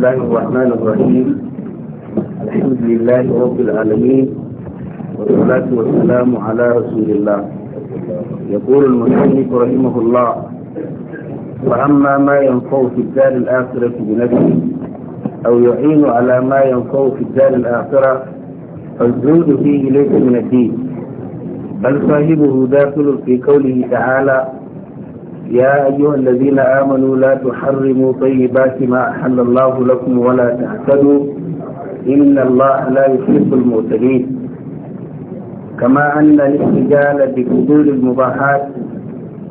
الله الرحمن الرحيم الحمد لله رب العالمين والصلاة والسلام على رسول الله يقول المسلم رحمه الله وأما ما ينفع في الدار الآخرة بنفسه أو يعين على ما ينفع في الدار الآخرة فالجود فيه ليس من الدين بل صاحبه داخل في قوله تعالى يا أيها الذين آمنوا لا تحرموا طيبات ما أحل الله لكم ولا تعتدوا إن الله لا يحب المعتدين كما أن الاحتجال بفضول المباحات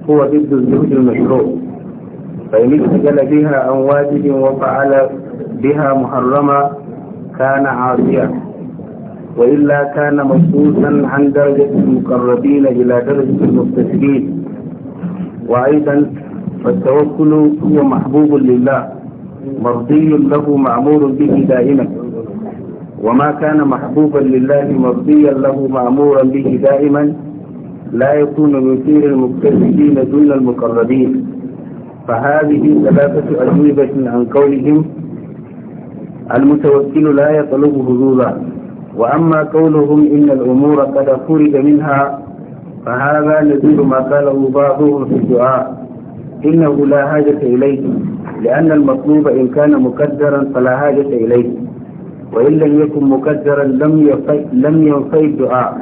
هو ضد الزهد المشروع فإن احتجل بها عن واجب وفعل بها محرما كان عاصيا وإلا كان مبسوطا عن درجة المقربين إلى درجة المبتسمين وأيضا فالتوكل هو محبوب لله مرضي له معمور به دائما وما كان محبوبا لله مرضيا له معمورا به دائما لا يكون مثير المكتسبين دون المقربين فهذه ثلاثة أجوبة عن قولهم المتوكل لا يطلب هذولا وأما قولهم إن الأمور قد خرج منها فهذا نذير ما قاله بعضهم في الدعاء إنه لا حاجة إليه لأن المطلوب إن كان مقدرا فلا حاجة إليه وإن لم يكن مقدرا لم لم ينفي الدعاء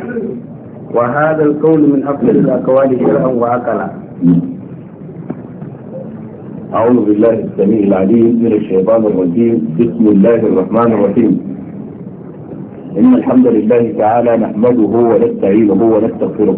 وهذا القول من أفضل الأقوال شرعا وعقلا أعوذ بالله السميع العليم من الشيطان الرجيم بسم الله الرحمن الرحيم إن الحمد لله تعالى نحمده ونستعينه ونستغفره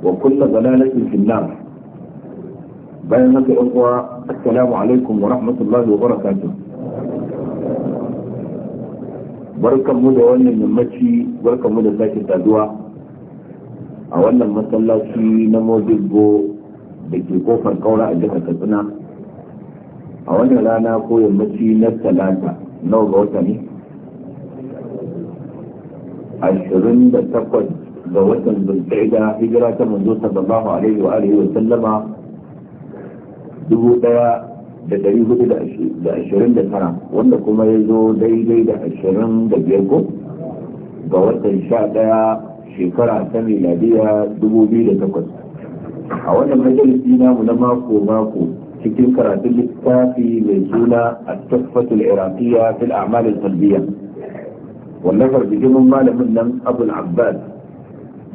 wa kulla dalalatin finnar bayan haka yan uwa assalamu alaikum wa rahmatullahi wa barakatuh barkanmu da wannan yammaci barkanmu da sake saduwa a wannan masallaci na mozibbo da ke kofar kaura a jihar katsina a wannan rana ko yammaci na talata nawa ga wata ne ashirin da takwas ga watan zulqa'ida hijira ta manzo sallallahu alaihi wa alihi wa sallama dubu daya da dari hudu da ashirin da tara wanda kuma ya zo daidai da ashirin da biyar ko ga watan sha daya shekara ta miladiya dubu biyu da takwas a wannan majalisi namu na mako mako cikin karatun littafi mai suna a tuffatul iraqiyya fil a'mal al-qalbiyya wallafar bijimin malamin nan abul abbas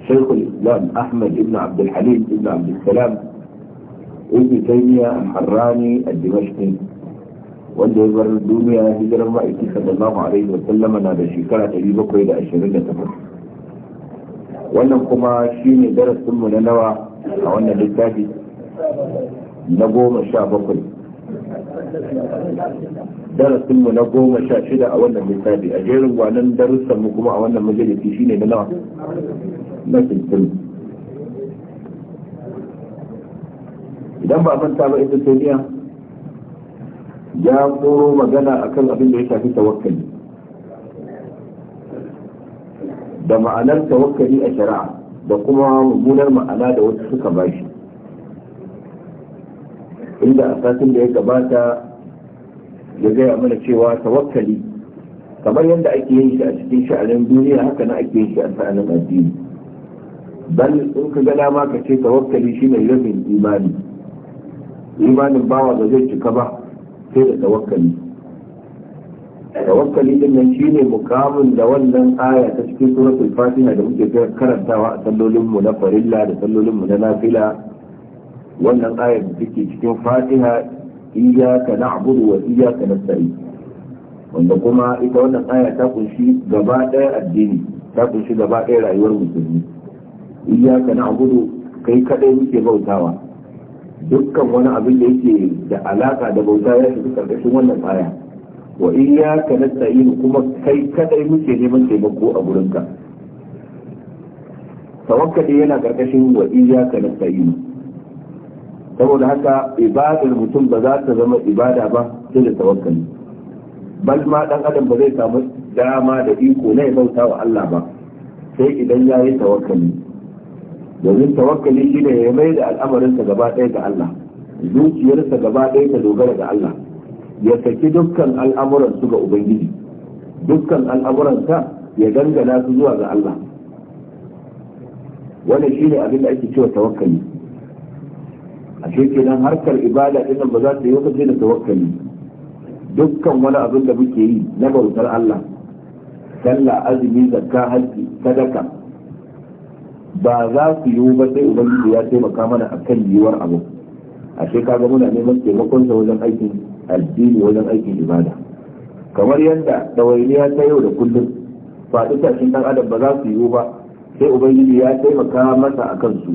شيخ الإسلام أحمد بن عبد الحليم بن عبد السلام ابن تيمية الحراني الدمشقي وده بر الدنيا هجر الرئيس صلى الله عليه وسلم أنا هذا الشيكاة اللي بكرة إلى أشهرين تفر وأنا قم أشين درس ثم ننوى وأنا لتاتي نقوم الشاء بكرة درس ثم نقوم الشاء شدة وأنا لتاتي أجير وأنا درس ثم نقوم وأنا مجلس شيني ننوى na idan ba manta ba ita duniya ya koro magana a kan abin da ya shafi tawakkali da ma'anar tawakkali a shari'a da kuma mummunar ma'ana da wasu suka ba shi inda a satin da ya gabata ya gaya mana cewa tawakkali kamar yadda ake yin shi a cikin sha'anin duniya haka na ake yin shi a sa'anin addini bal in ka gada ma ka ce tawakkali shi mai rafin imani imanin bawa ba zai cika ba sai da tawakkali tawakkali din nan shine mukamin da wannan aya ta cikin suratul fatiha da muke karantawa a sallolin mu na farilla da sallolin mu na nafila wannan aya da take cikin fatiha iyyaka na'budu wa iyyaka nasta'in wanda kuma ita wannan aya ta kunshi gaba ɗaya addini ta kunshi gaba ɗaya rayuwar musulmi na gudu kai kadai muke bautawa dukkan wani abin da yake da alaka da bauta ya shiga karkashin wannan baya wa na nasta'in kuma kai kadai muke neman taimako a gurinka tawakkali yana karkashin wa na nasta'in saboda haka ibadar mutum ba za ta zama ibada ba sai da tawakkali bal ma dan adam ba zai samu dama da iko na ya bauta wa Allah ba sai idan ya yi tawakkali domin tawakkali ne ya mai da al'amarinsa gaba ɗaya ga Allah zuciyarsa gaba ɗaya ta dogara ga Allah ya saki dukkan al'amuran su ga ubangiji dukkan al'amuransa ya dangana su zuwa ga Allah wannan shine abin da ake cewa tawakkali a kenan harkar ibada din ba za ta yi wata da tawakkali dukkan wani abin da muke yi na bautar Allah sallah azumi zakka hajji sadaka ba za su yiwu ba sai ubangiji ya taimaka mana a kan yiwuwar abu ashe kaga muna neman taimakon sa wajen aikin addini wajen aikin ibada kamar yadda ɗawainiya ta yau da kullum faɗi tashin ɗan adam ba za su yiwu ba sai ubangiji ya taimaka masa a kansu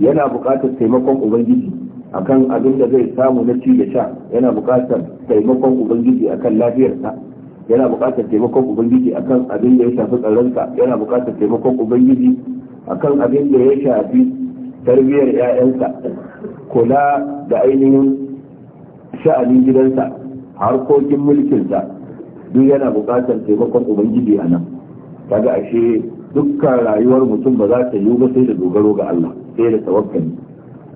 yana buƙatar taimakon ubangiji akan abin da zai samu na ci da sha yana buƙatar taimakon ubangiji akan lafiyarsa yana buƙatar taimakon ubangiji akan abin da ya shafi tsaronsa yana buƙatar taimakon ubangiji akan abin da ya shafi tarbiyyar 'ya'yansa kula da ainihin sha'anin gidansa harkokin mulkinsa duk yana buƙatar taimakon ubangiji a nan kaga ashe dukkan rayuwar mutum ba za ta yiwu ba sai da dogaro ga Allah sai da tawakkali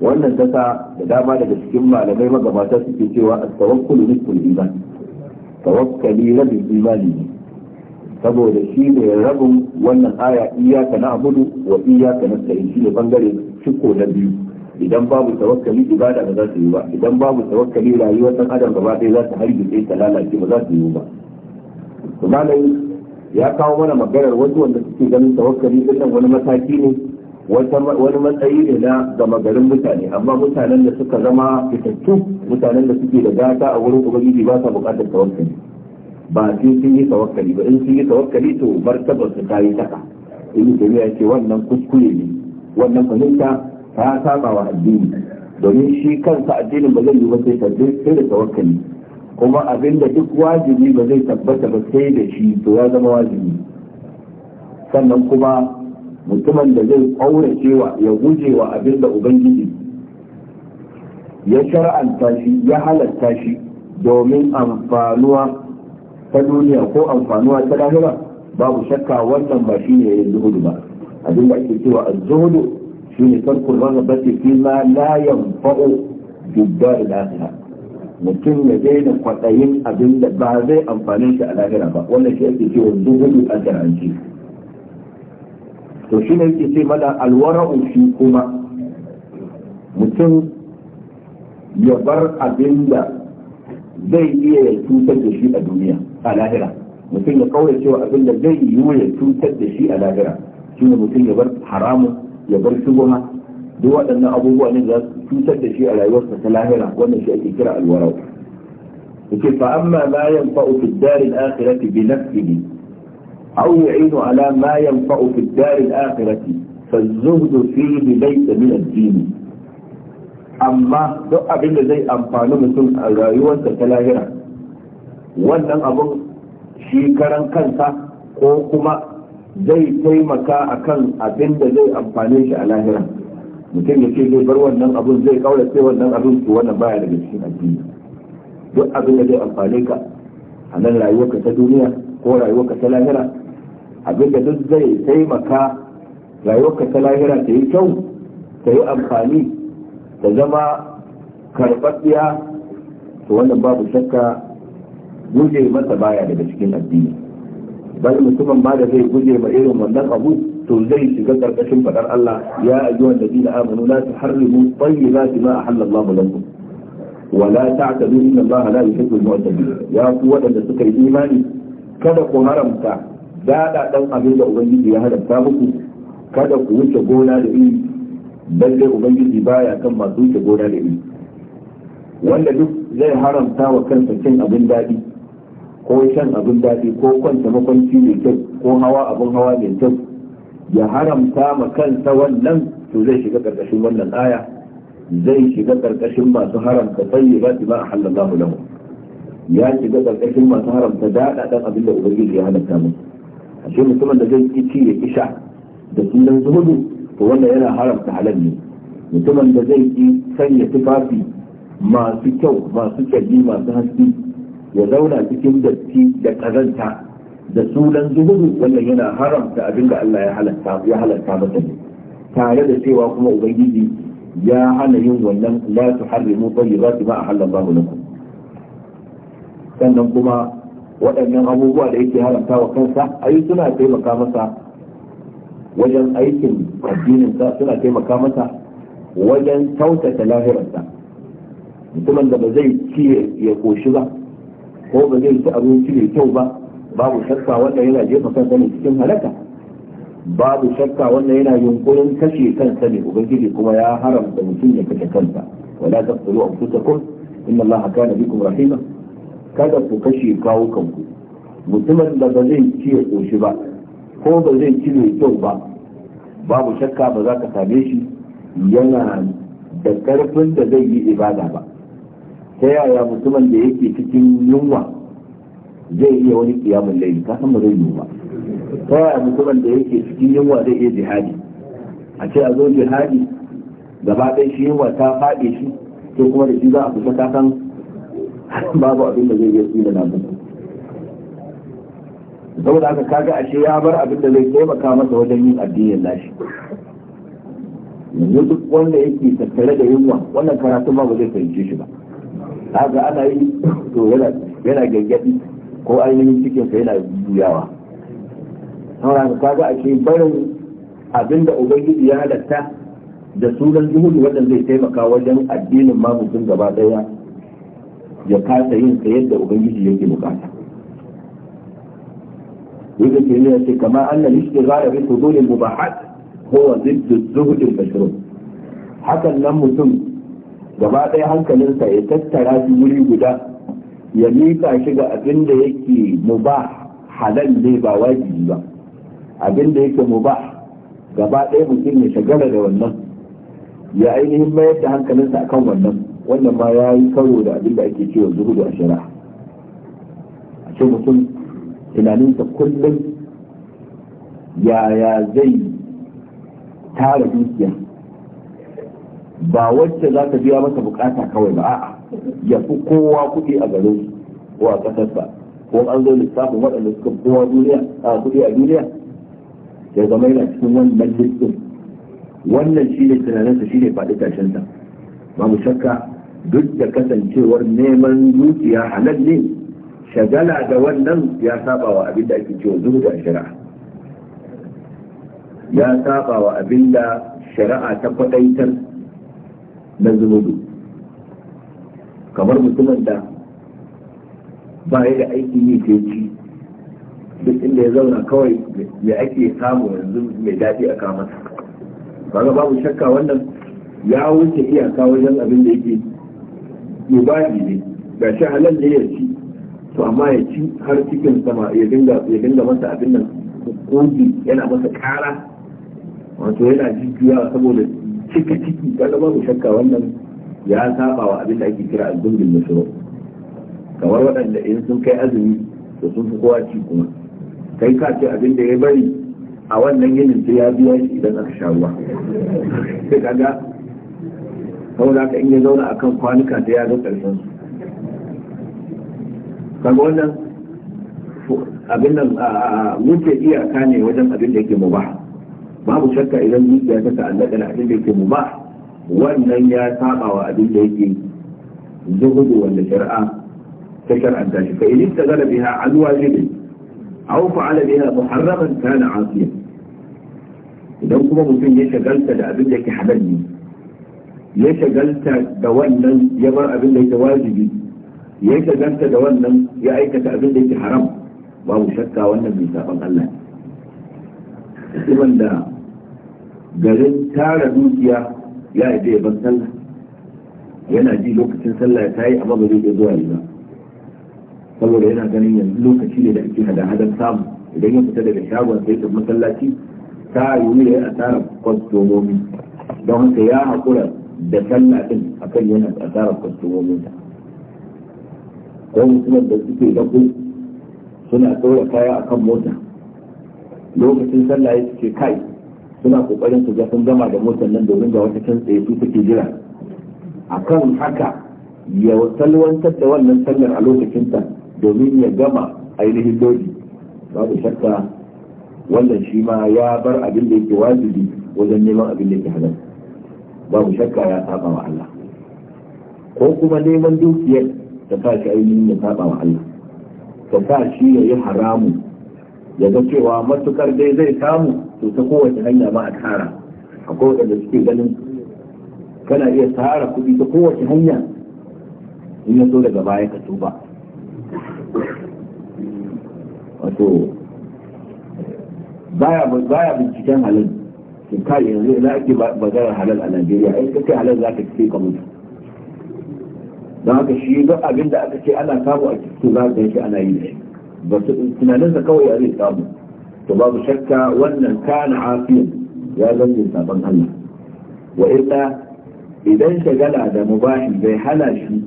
wannan ta sa da dama daga cikin malamai magabata suke cewa tawakkali tawakkulu nisful tawakkali rabin imani ne saboda shi ne rabin wannan aya iyaka na abudu wa iyaka na sayin shi ne bangare ciko na biyu idan babu tawakkali ibada ba za su yi ba idan babu tawakkali rayuwar dan adam gaba ɗaya za ta hargitse ta lalace ba za su yi ba to malai ya kawo mana maganar wasu wanda suke ganin tawakkali din wani mataki ne wani matsayi ne na gama garin mutane amma mutanen da suka zama fitattu mutanen da suke da gata a wurin ubangiji ba sa buƙatar tawakkali ba sai sun yi tawakkali ba in sun yi tawakkali to martabar su ta yi in ta tabiya ce wannan kuskure ne wannan fahimta ta saba wa addini domin shi kansa addinin ba zai yi ba sai tabbata sai da tawakkali kuma abin da duk wajibi ba zai tabbata ba sai da shi to ya zama wajibi sannan kuma mutumin da zai kaurace cewa ya guje wa abin da ubangiji ya shara'anta shi ya halatta shi domin amfanuwa ta duniya ko amfanuwa ta lahira babu shakka wannan ba shi ne yin zuhudu ba abin da ake cewa az-zuhudu shine tarkul raghabati fi ma la yanfa'u bid-dar al-akhirah mutum ya daina kwaɗayin abin da ba zai amfani shi a lahira ba wannan shi ake cewa zuhudu a jar'anci to shi ne yake ce mana alwara'u shi kuma mutum ya bar abin da zai iya ya cutar da shi a duniya a lahira mutum ya kawai cewa abin da zai yiwu ya cutar da shi a lahira shi ne mutum ya bar haramun ya bar shubuha duk waɗannan abubuwa ne za su cutar da shi a rayuwarsa ta lahira wannan shi ake kira alwarau yake fa amma ma yanfa'u fi darin akhirati bi nafsihi aw yu'inu ala ma yanfa'u fi darin akhirati fa zuhdu fihi laysa min ad-din amma duk abin da zai amfani mutum a rayuwarsa ta lahira wannan abin shi karan kansa ko kuma zai taimaka a kan abin da zai amfane shi a lahira mutum ya ce zai bar wannan abin zai kaura sai wannan abin su wannan baya daga cikin addini duk abin da zai amfane ka a nan rayuwarka ta duniya ko rayuwarka ta lahira abin da duk zai taimaka rayuwarka ta lahira ta yi kyau ta yi amfani ta zama karɓaɓɓiya to wannan babu shakka guje baya daga cikin addini bal mutumin ma da zai guje ma irin wannan abu to zai shiga karkashin faɗar Allah ya ayyuha alladhina amanu la tuharrimu tayyibati ma ahallallahu lakum wa la ta'tadu inna Allah la yuhibbul mu'tadin ya ku wadanda suka yi imani kada ku haramta dada dan abin da ubangiji ya haramta muku kada ku wuce gona da iri lalle ubangiji baya kan masu wuce gona da ni wanda duk zai haramta wa kansa cin abin daɗi ko shan abin daɗi ko kwanta makwanci mai kyau ko hawa abin hawa mai kyau ya haramta ma kansa wannan to zai shiga ƙarƙashin wannan aya zai shiga ƙarƙashin masu haramta tsayi ba ba a halallahu lahu ya shiga ƙarƙashin masu haramta daɗa ɗan abin da ubangiji ya halatta mu ashe mutumin da zai ci ya ƙi sha da sunan zuhudu to wanda yana haramta halal ne mutumin da zai ki sanya tufafi masu kyau masu kyalli masu haske ya zauna cikin datti da kazanta da sunan zuhudu wannan yana haramta abin da Allah ya halarta ya halatta masa ne tare da cewa kuma ubangiji ya hana yin wannan la tuharrimu tayyibati ma ahallallahu lakum sannan kuma waɗannan abubuwa da yake haramta wa kansa ayi suna taimaka masa wajen aikin addininsa suna taimaka mata wajen kyautata lahirarsa mutumin da ba zai ci ya koshi ba ko ba zai ci abinci mai kyau ba babu shakka wanda yana jefa kansa ne cikin halaka babu shakka wanda yana yunkurin kashe kansa ne ubangiji kuma ya haramta mutum ya kashe kansa wala taqtulu anfusakum inna allaha kana bikum rahima kada ku kashe kawo kanku mutumin da ba zai ci ya koshi ba ko ba zai ci mai kyau ba babu shakka ba za ka same shi yana da karfin da zai yi ibada ba ta yaya mutumin da yake cikin yunwa zai iya wani kiyamun layi ka san ba zai yi ba ta yaya mutumin da yake cikin yunwa zai iya jihadi a ce a zo jihadi gaba ɗaya shi yunwa ta faɗe shi ko kuma da shi za a fita ka san babu abin da zai iya tsira na mutum saboda haka kaga ashe ya bar abin da zai taimaka masa wajen yin addinin nashi yanzu duk wanda yake tattare da yunwa wannan karatu ba ba zai fahimce shi ba haka ana yi to yana yana gaggadi ko ainihin cikin sa yana juyawa saboda haka kaga ce barin abin da ubangiji ya halatta da sunan zuhuri wannan zai taimaka wajen addinin ma gaba daya ya kasa yin sa yadda ubangiji yake bukata ibn taymiya ce kama anna al-ishtighal bi fudul al-mubahat huwa zidd az-zuhd al hakan nan mutum gaba ɗaya hankalinsa ya tattara shi wuri guda ya mika shi ga abin da yake mubah halal ne ba wajibi ba abin da yake mubah gaba ɗaya mutum ya shagala da wannan ya ainihin mayar da hankalinsa akan wannan wannan ma ya yi karo da abin da ake cewa zuhudu a shari'a a ce mutum tunaninsa kullum yaya zai tara dukiya ba wacce za ta biya masa bukata kawai ba a'a ya fi kowa kuɗi a garin ko a ba ko an zo lissafin waɗanda suka kowa kuɗi a duniya ya zama yana cikin wannan listin wannan shi ne tunaninsa shi ne faɗi tashinsa babu shakka duk da kasancewar neman dukiya halal ne shagala da wannan ya saba wa abin da ake cewa zuhudu a shari'a ya saba wa abin da shari'a ta kwadaitar na zuhudu kamar mutumin da ba ya da aiki ne ta ci duk inda ya zauna kawai ya ake samu yanzu mai daɗi a kamata ga babu shakka wannan ya wuce iyaka wajen abin da yake ibadi ne ga shi halal ne ya ci amma ya ci har cikin sama ya dinga ya dinga masa abin nan kogi yana masa kara wato yana jijjuwa saboda cika ciki kaga babu shakka wannan ya saba wa abin da ake kira al-dungil kamar waɗanda in sun kai azumi to sun fi kowa ci kuma kai ka ce abin da ya bari a wannan yinin sai ya biya shi idan aka sha ruwa sai kaga saboda haka in ya zauna akan kwanuka ta ya ga ƙarshen su kaga wannan abin nan iyaka ne wajen abin da yake mubah babu shakka idan zuciya ta ta'allaka da abin da yake mubah wannan ya saba wa abin da yake zuhudu wanda shari'a ta shar'anta shi fa idan tagala biha an wajibi aw fa'ala biha muharraman kana asiya idan kuma mutum ya shagalta da abin da yake halal ne ya shagalta da wannan ya bar abin da yake wajibi ya shaganta da wannan ya aikata abin da yake haram babu shakka wannan mai saban Allah ne da garin tara dukiya ya aje ya ban sallah yana ji lokacin sallah ta yi amma ba zai zuwa yi ba saboda yana ganin yanzu lokaci ne da ake hada-hadar samu idan ya fita daga shagon sai ta masallaci ta yi a asara kwastomomi don haka ya haƙura da sallah din akan yana asara kwastomomin ta akwai mutumin da suke dako suna ɗora kaya a kan mota lokacin sallah suke kai suna kokarin su ga sun gama da motar nan domin ga wata can tsaye su take jira akan haka ya salwantar da wannan sallar a lokacinta domin ya gama ainihin doji babu shakka wannan shi ma ya bar abin da yake wajibi wajen neman abin da yake halal babu shakka ya saba wa Allah ko kuma neman dukiyar ta sa shi ainihin ya saba wa Allah ta sa shi ya yi haramu ya ga cewa matukar dai zai samu to ta kowace hanya ba a tara a kowace da suke ganin kana iya tara kuɗi ta kowace hanya in ya so daga baya ka tuba wato baya binciken halin shin kai yanzu ina ake bazarar halal a Najeriya ai kace halal zaka ce ka mutu don haka shi duk abin da aka ce ana samu a cikin za ka yake ana yi da shi ba su tunaninsa kawai a zai samu to babu shakka wannan kana afiyan ya zama sabon Allah wa ita idan shagala da mubahi bai hana shi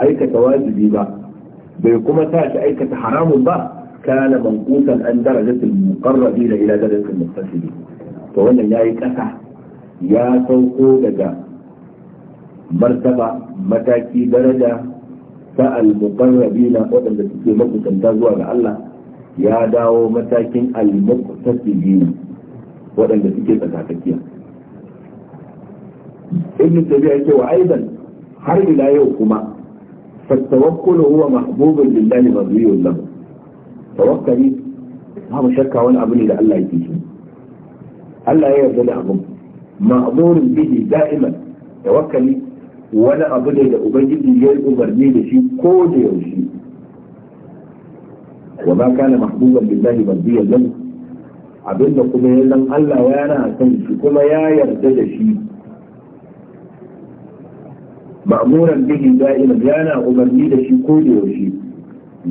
aikata wajibi ba bai kuma sa shi aikata haramun ba kana manqutan an darajatul muqarrabin ila darajatul muqtasidin to wannan yayi kasa ya sauko daga martaba mataki daraja ta al na waɗanda suke makusanta zuwa ga Allah ya dawo matakin al-muqtasibina waɗanda suke tsakatsakiya ibn tabi'a ce wa aidan har ila yau kuma فالتوكل هو محبوب لله مرضي له توكلي babu shakka wani abu ne da Allah yake so Allah ya yarda da abu ma'murin bihi da'iman tawakkali wani abu ne da ubangiji ya yi umarni da shi ko da yaushe wa ma kana mahbuban billahi mardiyan lahu abinda kuma ya zan Allah yana son shi kuma ya yarda da shi ma'muran bihi da'iman yana umarni da shi ko da yaushe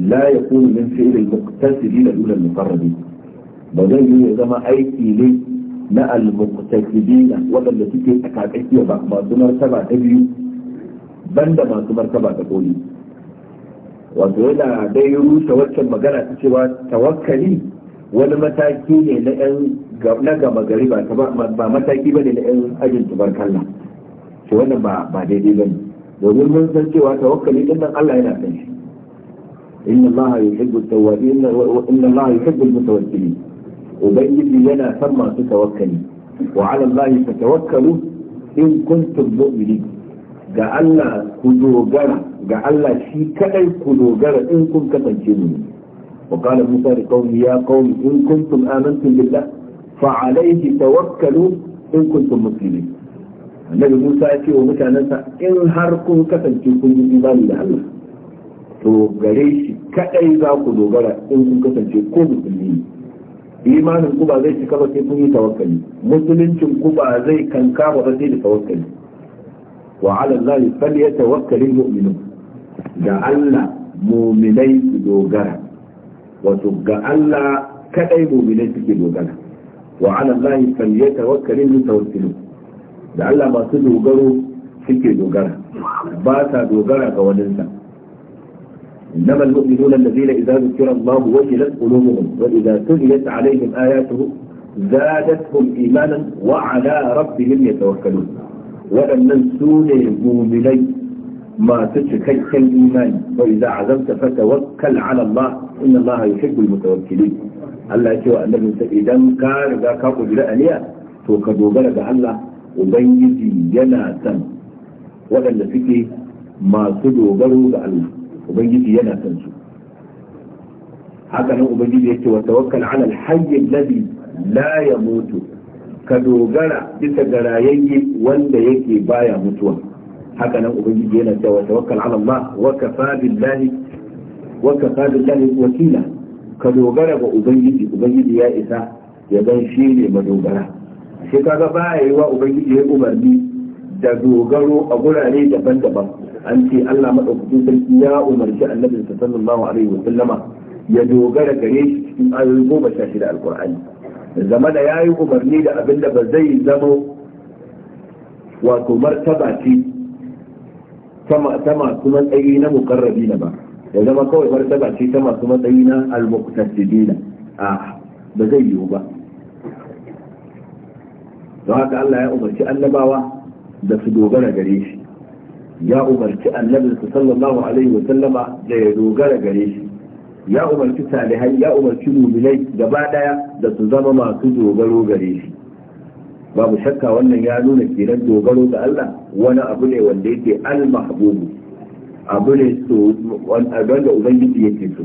la yakunu min fi'l al-muqtasidin dun al-muqarrabin ba zai yi zama aiki ne na al-muqtasidin wadanda suke tsakakkiya ba masu martaba ta biyu banda masu martaba ta koli wato yana dai rushe waccan magana ta cewa tawakkali wani mataki ne na yan na gama gari ba ba mataki ba ne na yan ajin tubarkalla to wannan ba ba daidai ba ne domin mun san cewa tawakkali din nan Allah yana san shi inna Allah yuhibbu at-tawwabin inna Allah ya hibbu mutawakkilin ubangiji yana san masu tawakkali wa ala Allah fatawakkalu in kuntum mu'minin ga Allah ku dogara ga Allah shi kadai ku dogara in kun kasance mu wa qala musa li qaumi ya qaumi in kuntum amantum billah fa alayhi tawakkalu in kuntum muslimin annabi musa ya ce wa mutanensa in har kun kasance kun yi imani da Allah to gare shi kadai za ku dogara in kun kasance ko musulmi imanin ku ba zai cika ba sai kun yi tawakkali musuluncin ku ba zai kanka ba sai da tawakkali wa ala Allah falyatawakkal almu'minun ga Allah mu'minai su dogara wato ga Allah kadai mu'minai suke dogara wa ala Allah falyatawakkal almutawakkilun da Allah masu dogaro suke dogara ba sa dogara ga waninsa إنما المؤمنون الذين إذا ذكر الله وجلت قلوبهم وإذا تليت عليهم آياته زادتهم إيمانا وعلى ربهم يتوكلون waɗannan su ne muminai masu cikakken imani wa idza azamta fatawakkal ala Allah inna Allah yuhibbul mutawakkilin Allah ya wa annabi sa idan ka riga ka kudura aliya to ka dogara ga Allah ubangiji yana san waɗanda suke masu dogaro ga Allah ubangiji yana san su haka nan ubangiji yake wa tawakkal ala al-hayy alladhi la yamutu ka dogara bisa ga rayayye wanda yake baya mutuwa haka nan ubangiji yana cewa tawakkal ala Allah wa kafa billahi wa kafa billahi wakila ka dogara ga ubangiji ubangiji ya isa ya zan shi ne madogara shi kaga baya yi wa ubangiji ya umarni da dogaro a gurare daban-daban an ce Allah madaukakin sarki ya umarci annabinsa sallallahu alaihi wa sallama ya dogara gare shi cikin ayoyi goma sha shida alqur'ani zama da ya yi umarni da abin da ba zai zama wato martaba ce ta masu matsayi na mukarrabi na ba ya zama kawai martaba ce ta masu matsayi na almuktasidina a ba zai yiwu ba don haka Allah ya umarci annabawa da su dogara gare shi ya umarci annabinsa sallallahu alaihi wa sallama da ya dogara gare shi ya umarci salihai ya umarci muminai gaba daya da su zama masu dogaro gare shi babu shakka wannan ya nuna kenan dogaro ga Allah wani abu ne wanda yake al-mahbubu abu ne so wanda ubangiji yake so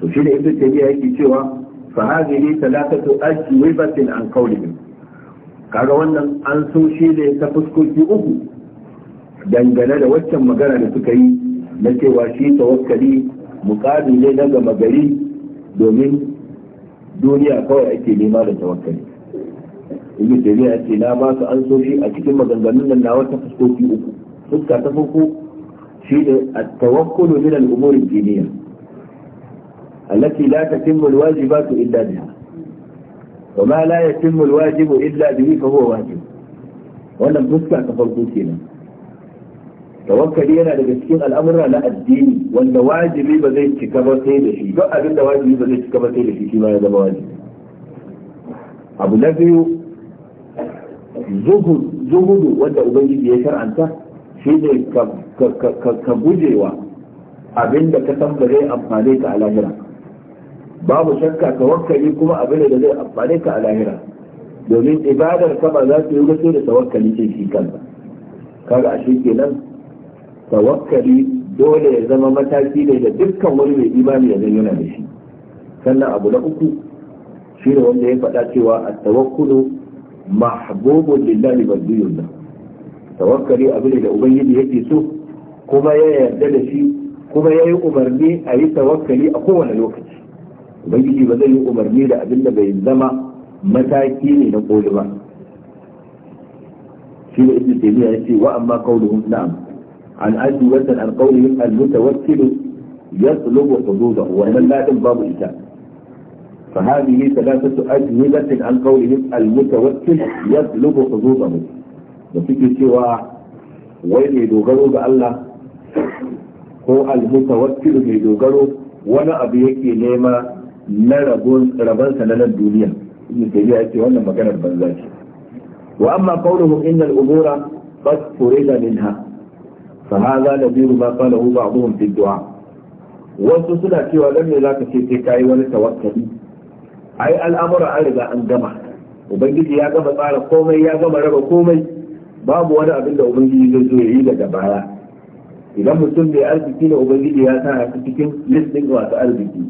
to shi da ibnu tayyiba yake cewa fa hadhihi thalathatu ajwibatin an qawlihim kaga wannan an so shi ne ta fuskoki uku dangane da waccan magana da suka yi na cewa shi tawakkali mukami ne na gama gari domin duniya kawai ake nema da tawakkali ibn taymiya ce na ba su an soshi a cikin maganganun nan na wata fuskoki uku fuska ta farko shi ne at-tawakkulu min al-umur ad-diniyya allati la tatimmu al-wajibatu illa biha wa ma la yatimmu al-wajibu illa bihi fa huwa wajib wannan fuska ta farko kenan tawakkali yana daga cikin al'amura na addini wanda wajibi ba zai cika ba sai da shi duk abin da wajibi ba zai cika ba sai da shi shi ma ya zama wajibi abu na biyu zuhudu wanda ubangiji ya shar'anta shi ne ka gujewa abin da ka san ba zai amfane ka a lahira babu shakka tawakkali kuma abin da zai amfane ka a lahira domin ibadar ka ba za ta yi sai da tawakkali ce shi kanka kaga ashe kenan tawakkali dole ya zama mataki ne da dukkan wani mai imani ya zayyana da shi sannan abu na uku shi ne wanda ya faɗa cewa a tawakkulu mahbubun lillahi wal tawakkali abu ne da ubangiji yake so kuma ya yarda da shi kuma ya yi umarni a yi tawakkali a kowane lokaci ubangiji ba zai yi umarni da abin da bai zama mataki ne na koli ba shi ne ibn taymiya yace wa amma qawluhum na'am عن ابي بكر عن قوله المتوكل يطلب حدوده ومن لا تنضب الكعبه فهذه ثلاثه اجنبه عن قوله المتوكل يطلب حدوده وفكر سوى وين يدوغروا بالله هو المتوكل يدوغروا وانا ابي يكي نيما نربون ربان سنن الدنيا ابن تيمية يأتي وانا مكان البنزاج وأما قوله إن الأمور قد فرد منها fa hadha nadiru ma qalahu ba'dhum fi du'a wasu suna cewa ne za ka ce sai kai wani tawakkali ai al'amura an riga an gama ubangiji ya gama tsara komai ya gama raba komai babu wani abin da ubangiji zai zo yi daga baya idan mutum mai arziki ne ubangiji ya sa shi cikin listin wasu arziki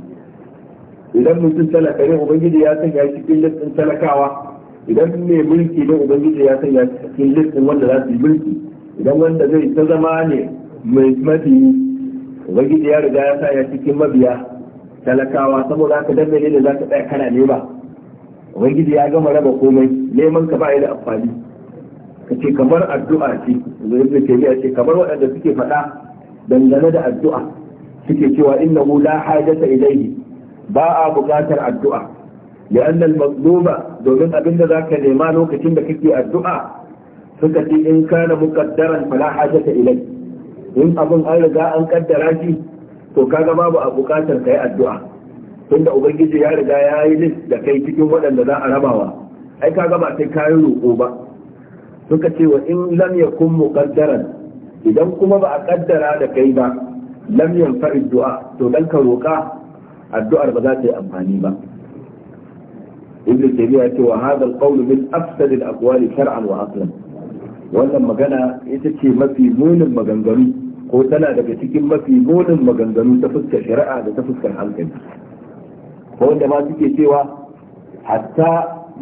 idan mutum talaka ne ubangiji ya sanya shi cikin listin talakawa idan mai mulki ne ubangiji ya sanya shi cikin listin wanda za su yi mulki idan wanda zai ta zama ne mai mafi ubangiji ya riga ya sa ya cikin mabiya talakawa saboda haka dan menene za ka tsaya kana nema wajen ya gama raba komai neman ka ba da amfani ka ce kamar addu'a ce zai ibn ce kamar waɗanda suke faɗa dangane da addu'a suke cewa hu la hajata ilayhi ba a buƙatar addu'a لأن mazluma domin abin da zaka nema lokacin da kake addu'a suka ce in kana muƙaddaran fala hajata ilai in abin an riga an kaddara shi to kaga babu a bukatar kai addu'a tunda ubangiji ya riga ya yi list da kai cikin waɗanda za a rabawa ai kaga ba sai kayi roƙo ba suka ce wa in lam yakun muqaddaran idan kuma ba a kaddara da kai ba lam yanfa addu'a to dan ka roƙa addu'ar ba za ta yi amfani ba ce ابن تيمية min القول من أفسد shar'an wa aqlan wannan magana ita ce mafi munin maganganu ko tana daga cikin mafi munin maganganu ta fuskar shari'a da ta fuskar hankali ko wanda ma suke cewa hatta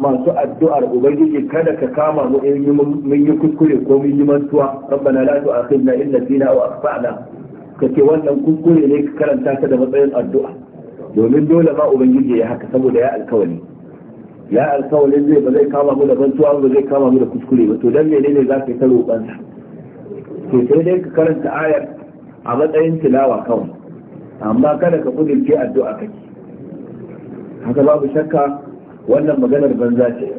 masu addu'ar ubangiji kada ka kama mu in mun yi kuskure ko mun yi mantuwa rabbana la tu'akhidna illa fina wa akhtana kace wannan kuskure ne ka karanta ta da matsayin addu'a domin dole ma ubangiji ya haka saboda ya alkawari ya alkawalin zai ba zai kama mu da bantuwa ba zai kama da kuskure ba to dan ne za ka yi ta roƙonsa to sai dai ka karanta ayar a matsayin tilawa kawai amma kada ka kudirce addu'a kake haka babu shakka wannan maganar banza ce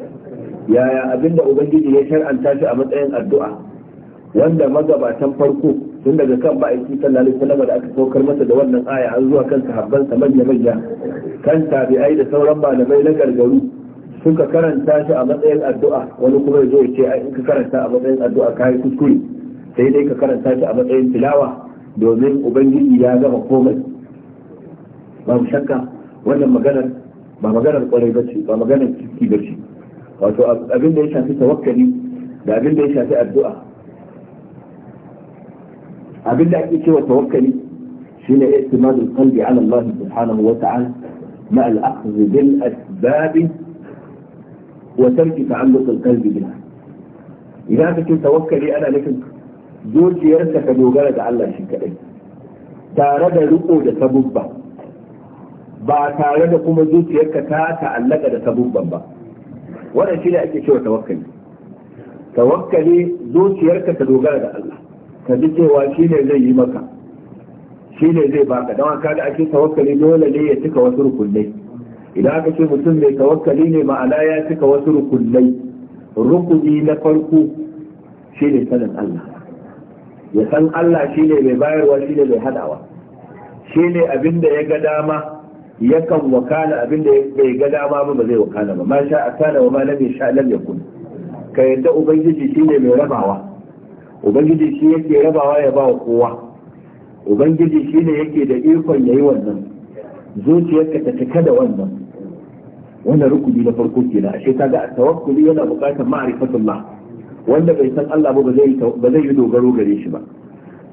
yaya abinda ubangiji ya shar'anta shi a matsayin addu'a wanda magabatan farko tun daga kan ba'aiki sallallahu alaihi wasallam da aka saukar masa da wannan aya an zuwa kan sahabbansa manya manya kan tabi'ai da sauran malamai na gargaru suka karanta shi a matsayin addu'a wani kuma ya zo ya ce a in ka karanta a matsayin addu'a ka yi kuskure sai dai ka karanta shi a matsayin tilawa domin ubangiji ya gama komai babu shakka wannan maganar ba maganar kwarai ba ce ba maganar kirki ba ce wato abin da ya shafi tawakkali da abin da ya shafi addu'a abin da ake cewa tawakkali shine i'timadul qalbi ala Allah subhanahu wa ta'ala ma al-akhdh bil asbab wa tarki ta'alluqul qalbi biha idan ka ce tawakkali ana nufin zuciyarka ka dogara ga Allah shi kadai tare da riko da sabubba ba tare da kuma zuciyarka ta ta'allaka da sabubban ba wannan shi ne ake cewa tawakkali tawakkali zuciyarka ka dogara da Allah ka ji cewa shi ne zai yi maka shi ne zai baka don haka da ake tawakkali dole ne ya cika wasu rukunai idan aka ce mutum mai tawakkali ne ma'ana ya cika wasu rukunai rukuni na farko shine sanin Allah ya san Allah shine mai bayarwa shine mai hadawa shine da ya ga dama yakan wakana da bai ga dama ba ba zai wakana ba ma sha akana wa ma lam sha lam yakun ka yadda ubangiji shine mai rabawa ubangiji shi yake rabawa ya ba kowa ubangiji shine yake da ikon yayi wannan zuciyarka ta cika da wannan wannan rukuni na farko kenan ashe ta kaga tawakkuli yana buƙatar ma'rifatullah wanda bai san Allah ba ba zai yi dogaro gare shi ba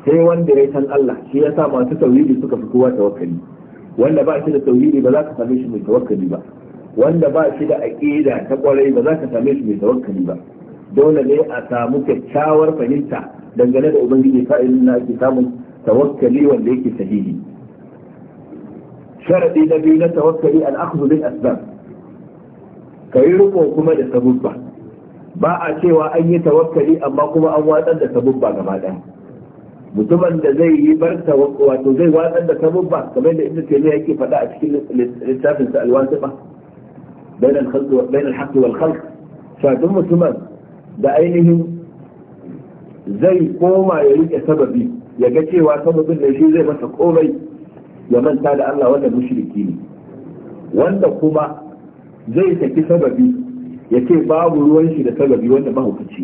sai wanda ya san Allah shi sa masu tauhidi suka fi kowa tawakkali wanda ba shi da tauhidi ba za ka same shi mai tawakkali ba wanda ba shi da aqida ta kwarai ba za ka same shi mai tawakkali ba dole ne a samu kyakkyawar fahimta dangane da ubangiji fa'ilin na ake samun tawakkali wanda yake sahihi sharadi na biyu na tawakkali al-akhdhu bil asbab ka yi riko kuma da sabubba ba a cewa an yi tawakkali amma kuma an watsar da sabubba gaba ɗaya mutumin da zai yi bar wato zai watsar da sabubba kamar da ke ne yake faɗa a cikin littafin sa alwasifa bain al-khalq wa wal khalq fa duk mutumin da ainihin zai koma ya rike sababi ya ga cewa sababin da shi zai masa komai ya manta da Allah wanda mushriki ne wanda kuma zai tafi sababi ya ce babu ruwan shi da sababi wanda mahaukaci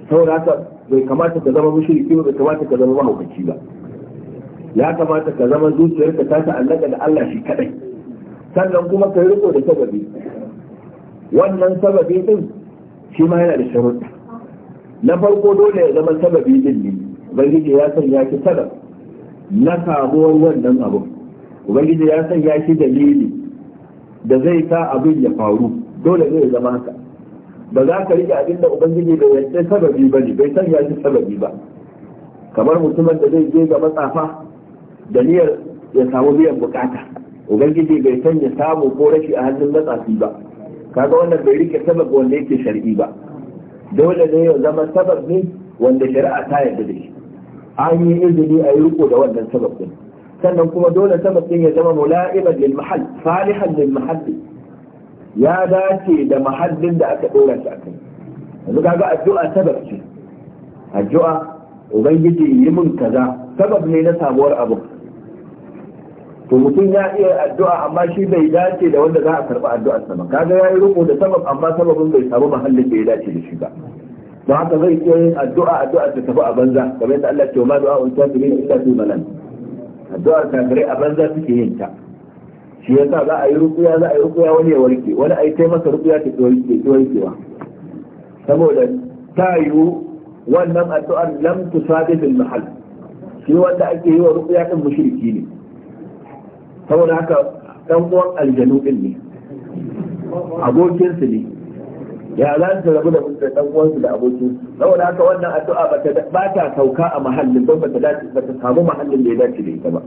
ne saboda bai kamata ka zama mushriki ba bai kamata ka zama mahaukaci ba ya kamata ka zama ka ta ta'allaka da Allah shi kadai sannan kuma ka riko da sababi wannan sababi din shi ma yana da sharuɗa na farko dole ya zama sababi din ne ubangiji ya san ya ki sabab na kamuwar wannan abu ubangiji ya san ya ki dalili da zai sa abin ya faru dole zai zama haka ba za ka rike abin da ubangiji bai yarda sababi ba ne bai sanya shi sababi ba kamar mutumin da zai je ga matsafa da niyyar ya samu biyan bukata ubangiji bai sanya samu ko rashi a hannun matsafi ba kaga wannan bai rike sabab wanda yake shar'i ba dole ne ya zama sabab ne wanda shari'a ta yarda da shi an yi izini a yi riko da wannan sabab din sannan kuma dole ta din ya zama mula'iban lil mahall salihan lil mahalli ya dace da mahallin da aka dora shi akai yanzu kaga addu'a sabab ce addu'a ubangiji yi mun kaza sabab ne na samuwar abu to mutum ya iya addu'a amma shi bai dace da wanda za a karba addu'ar sama. kaga ya yi da sabab amma sababin bai samu mahallin da ya dace da shi ba don haka zai iya yin addu'a addu'a ta tafi a banza kamar yadda Allah ya ce ma du'a un kafirin illa fi malal addu'ar kafirai a banza suke yin ta shi yasa za a yi rukuya za a yi rukuya wani ya warke wani a yi rukuya ta ki warkewa saboda ta yiwu wannan addu'ar lam tusabi bil mahal shi wanda ake yi wa rukuya din mushriki ne saboda haka dan uwan aljanu din ne abokin su ne ya za su rabu da mutum dan uwansu da abokin saboda haka wannan addu'a ba ta ba ta sauka a mahallin don ba ta dace ba ta samu mahallin da ya dace da ita ba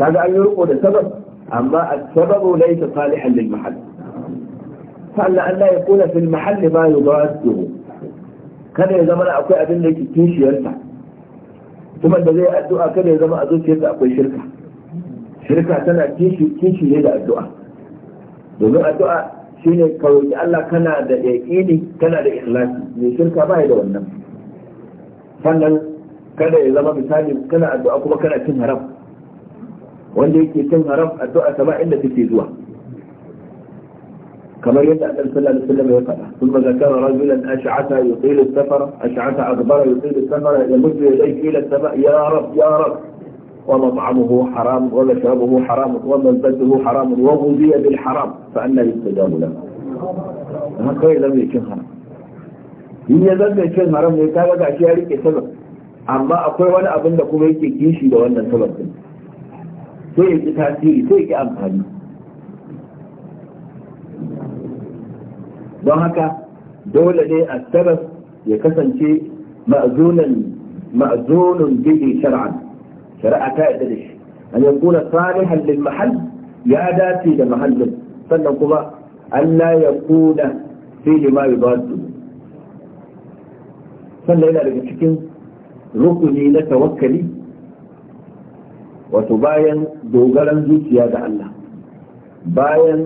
kaga an yi riko da sabab amma as-sababu laysa salihan lil mahall فعل أن لا يكون fil mahall ma يضاده kada ya zama akwai abin da yake kishiyarsa kuma da zai addu'a kada ya zama a zuciyarsa akwai shirka shirka tana kishi kishi ne da addu'a domin addu'a shine kawai roki Allah kana da yaqini kana da ikhlasi ne shirka ba da wannan sannan kada ya zama misali kana addu'a kuma kana cin haram wanda yake cin haram addu'a ta ba inda take zuwa kamar yadda annabi sallallahu alaihi wasallam ya faɗa ba zakara rajulan ash'ata yutil as-safara ash'ata adbara yutil as ya yamuddu yadayhi ila as-sama' ya rab ya rab ومطعمه حرام ومشربه حرام ومنبده حرام وغذي بالحرام فأنا يستجاب له ما قيل لم يكن حرام هي ذلك يكن حرام يتابد أشياء لك سبب أما أقول وأنا أبن لكم هيك كيشي لو أن سبب. سيك تاتيري سيك أمثالي don haka dole ne a sarar ya kasance ma'azunan shari'a ta yadda da shi an yakuna salihan lil mahal ya dace da mahallin sannan kuma Allah ya kuna fihi ma yubaddu sannan yana daga cikin rukuni na tawakkali wato bayan dogaran zuciya ga Allah bayan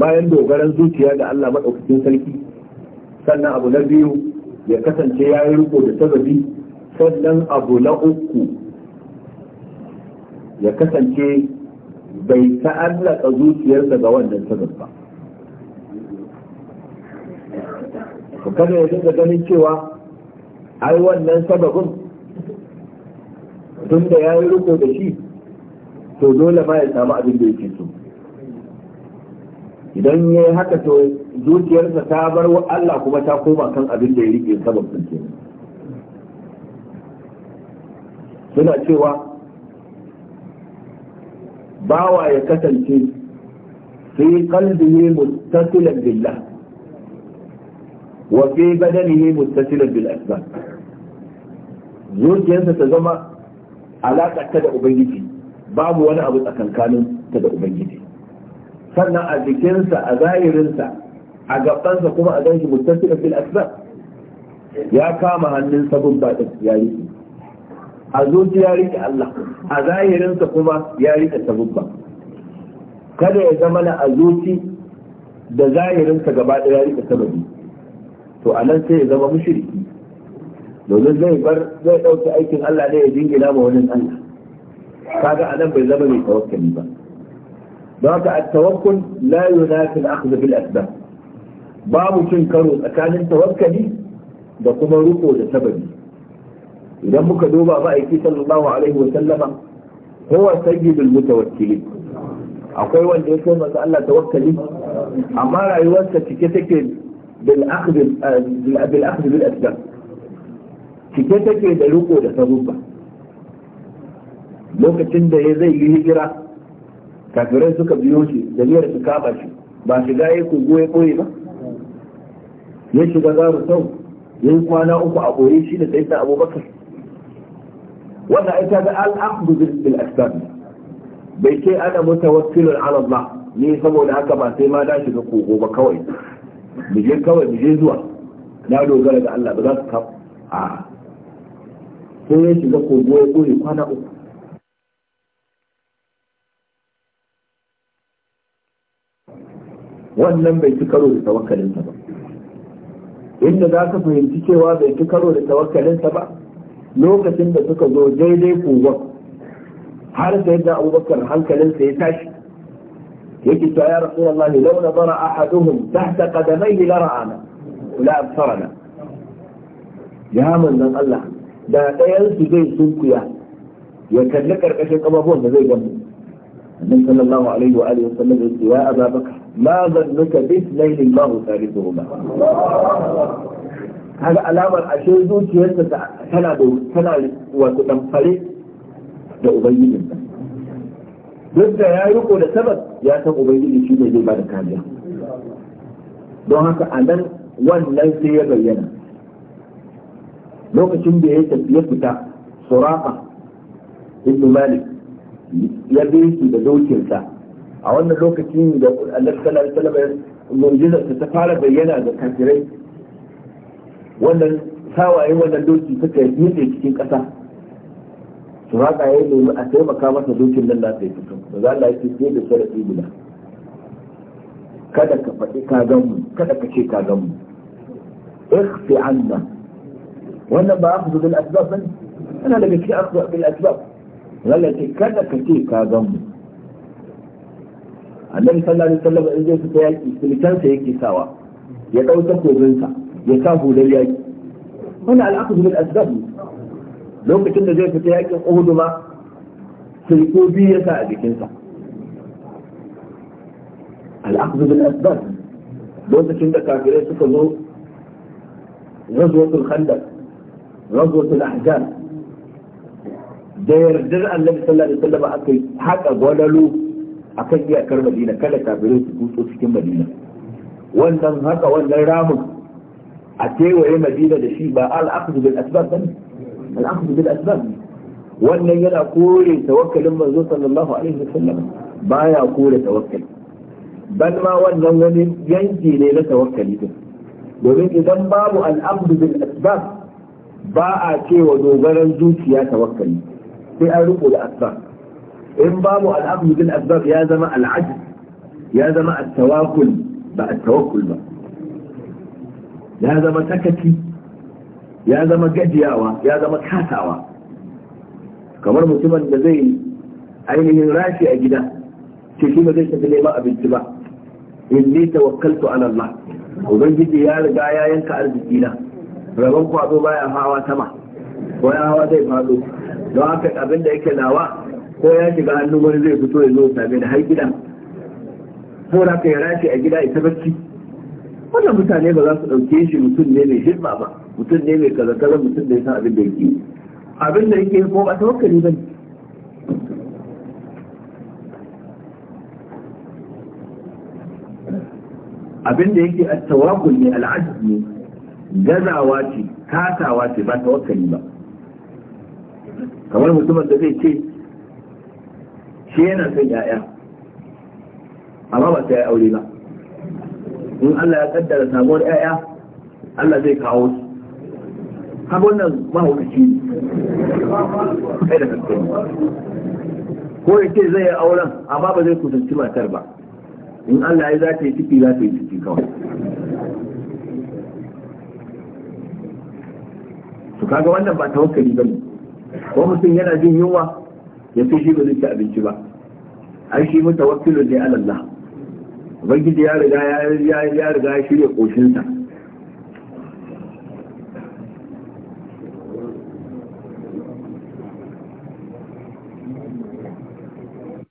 bayan dogaran zuciya ga Allah maɗaukakin sarki sannan abu na biyu ya kasance ya yi riko da sababi sannan abu na uku ya kasance bai ta'allaka zuciyarsa ga wannan sanin ba ku kada ya dinga ganin cewa ai wannan sababin tun da ya yi riko da shi to dole ma ya samu abin da yake so idan ya yi haka to zuciyarsa ta bar wa Allah kuma ta koma kan abin da ya rike sababin kenan suna cewa bawa ya kasance fi qalbihi muttasilan billah wa fi badanihi muttasilan bil asbab zuciyarsa ta zama alaƙa ta da ubangiji babu wani abu tsakankanin ta da ubangiji sannan a jikinsa a zahirinsa a gabansa kuma a ganshi muttasilan bil asbab ya kama hannun sabon baɗin ya yi a zuci ya rike Allah a zahirinsa kuma ya rike sabubba kada ya zama na a zuci da zahirinsa gaba ɗaya ya rike sababi to a nan sai ya zama mushriki domin zai bar zai ɗauki aikin Allah ne ya jingina ma wani Allah kaga a nan bai zama mai tawakkali ba don haka a tawakkul la yunafi al-akhdh bil asbab babu cin karo tsakanin tawakkali da kuma ruko da sababi idan muka duba ba aiki sallallahu alaihi wa sallama huwa sayyidul mutawakkilin akwai wanda ya kai masa Allah tawakkali amma rayuwarsa cike take bil akhdh eh, bil akhdh bil asbab cike take da riko da sabubba lokacin da ya zai yi hijira kafirai suka biyo shi da niyyar su kama shi ba shiga ya ku goye koyi ba ya shiga zaru sau ya yi kwana uku a boye shi da sai abubakar wannan ai kaga al-aqdu bil asbab bai ce ana mutawakkilun ala Allah ni saboda haka ba sai ma shi shiga kogo ba kawai mu je kawai mu je zuwa na dogara ga Allah ba za su kawo a sai ya shiga kogo ya koyi kwana uku wannan bai ci karo da tawakkalinsa ba inda za ka fahimci cewa bai ci karo da tawakkalinsa ba lokacin da suka zo daidai kogon har sai da abubakar hankalinsa ya tashi yake cewa ya rasu Allah lau na bara ahaduhum tahta qadamaihi la ra'ana kula la absarana ya manzon Allah da ɗayan su zai sunkuya ya kalli karkashin kafafuwan da zai gamu annabi sallallahu alaihi wa alihi wasallam ya ce ya ababaka ma zannuka bi lailin ma hutarisuhuma kaga alamar ashe zuciyarsa tana da tana wato damfare da ubangijinsa duk da ya riko da sabab ya san ubangiji shi ne zai bada kariya don haka a nan wannan sai ya bayyana lokacin da ya tafi ya fita suraka ibn malik ya bi shi da zuciyarsa a wannan lokacin da Allah sallallahu alaihi wasallam mu'jizar ta fara bayyana ga kafirai wannan sawaye wannan doki suka yi ne cikin ƙasa suraka ya nemi a taimaka masa dokin nan na sai fito da za Allah ya ce sai da sharaɗi guda kada ka faɗi ka gan kada ka ce ka gan mu ikhfi anna wannan ba aku bil ba ne ana daga cikin aku bil asbab Allah ya ce kada ka ce ka gan mu annabi sallallahu alaihi wasallam in zai fita yaki filitansa yake sawa ya ɗau takobinsa ya sa hular wani al'aqdu bil asbab lokacin da zai fita yakin Uhud ma sai ko biyu ya a jikinsa al'aqdu bil asbab lokacin da kafirai suka zo غزوة الخندق غزوة الأحزاب da yardar annabi sallallahu alaihi wasallam aka haka gwalalo akan iyakar Madina kala kafirai su kutso cikin Madina wannan haka wannan ramin a kewaye madina da shi ba al'akudu bil asbab bane al'akudu bil asbab wannan yana kore tawakkalin manzo sallallahu alaihi wasallam baya kore tawakkali ban ma wannan wani yanki ne na tawakkali din domin idan babu al'akudu bil asbab ba a cewa dogaran zuciya tawakkali sai an riko da asbab in babu al'akudu bil asbab ya zama al'ajz ya zama at-tawakkul ba at-tawakkul ba ya zama sakaci ya zama gajiyawa ya zama katawa. kamar mutumin da zai ainihin rashi a gida ce shi ba zai tafi neman abinci ba inni tawakkaltu ala Allah ubangiji ya riga ya yanka arziki na rabon kwazo baya hawa sama ko ya hawa zai fado don haka abin da yake nawa ko ya shiga hannu wani zai fito ya zo same da har gida ko da ka ya rashi a gida ita barci wannan mutane ba za su ɗauke shi mutum ne mai hirma ba mutum ne mai kaza mutum ne sa abin da yake abin da yake ko ba tawakkali ba ne abin da yake attawakul ne al'ajiz ne gazawa ce katawa ce ba tawakkali ba kamar mutumin da zai ce shi yana son ya'ya amma ba ta yi aure ba in Allah ya kaddara samuwar 'ya'ya? Allah zai kawo su har wannan mahaukaci kai da ko ya ce zai yi auren amma ba zai kusanci matar ba in Allah ya za ta yi ciki za ta yi ciki kawai su kaga wannan ba tawakkali ba ne ko mutum yana jin yunwa ya fi shi ba zai ci abinci ba ai shi mutawakkilu ne Allah ubangiji ya riga ya riga ya shirya koshinsa